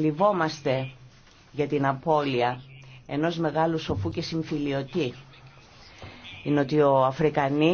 θλιβόμαστε για την απώλεια ενός μεγάλου σοφού και συμφιλιωτή. ο αφρικανή